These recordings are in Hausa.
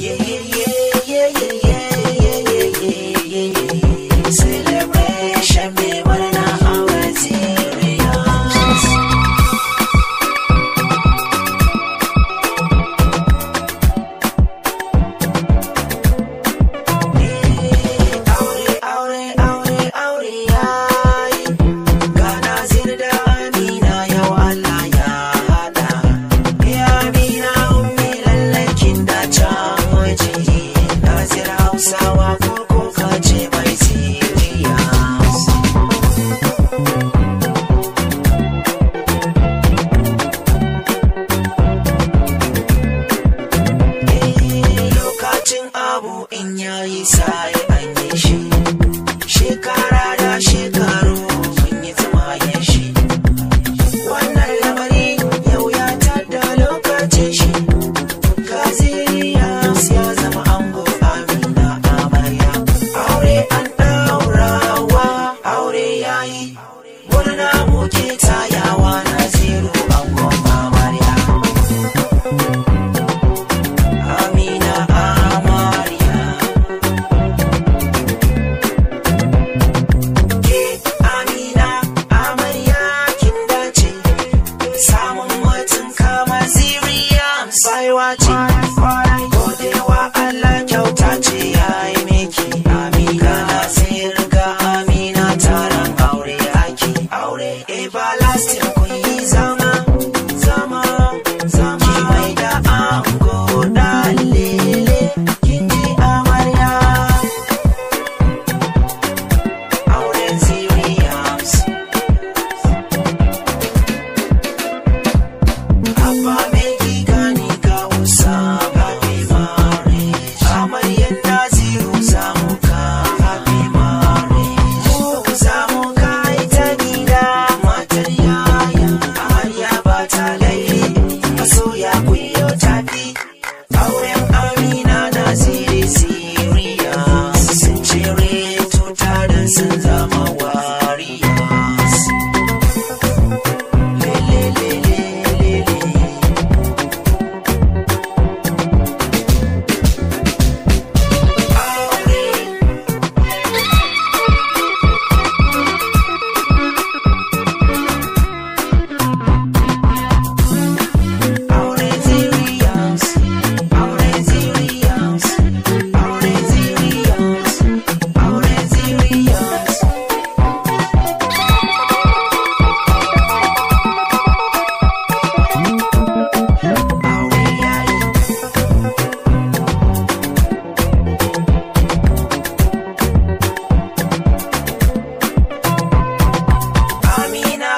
yeah, yeah.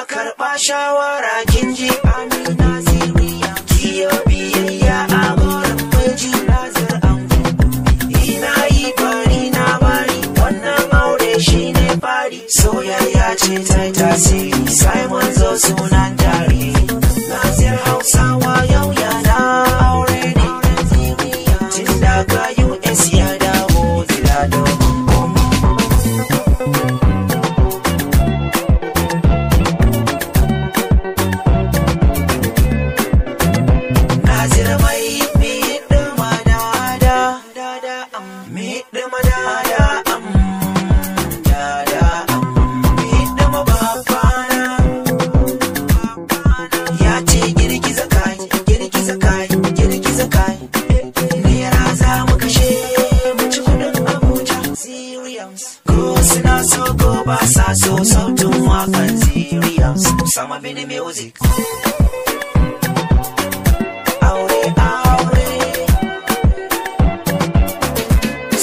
a karɓa shawara kin ji amina ziriya Kiyo biyayya a goron miji nazar an angu ina yi bari na bari wannan aure shi ne fari soyayya ce ta tasiri ko ba sa so sautin wakan ziriya sama bini music aure aure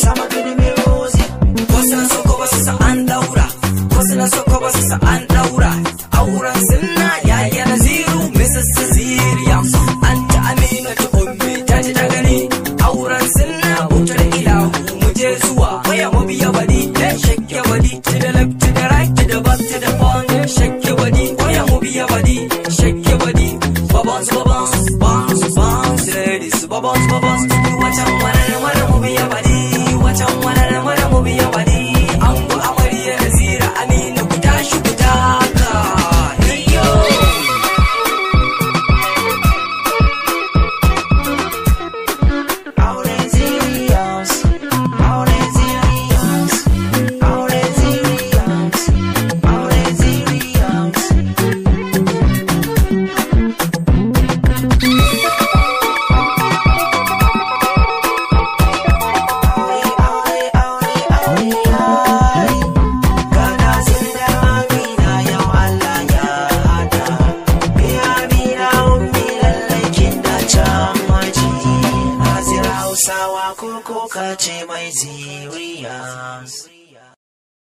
sama bini music wasu na so ko ba su an daura wasu na so ko ba su san an daura auren sunna yaya na ziru mrs ziriya an ta amina ta ummi ta ji ta gani auren sunna bautar ilahu mu je zuwa waya mu It's bubbles, bubbles. You watch out, one Wanna move your body. You watch wanna ka ce mai ziriya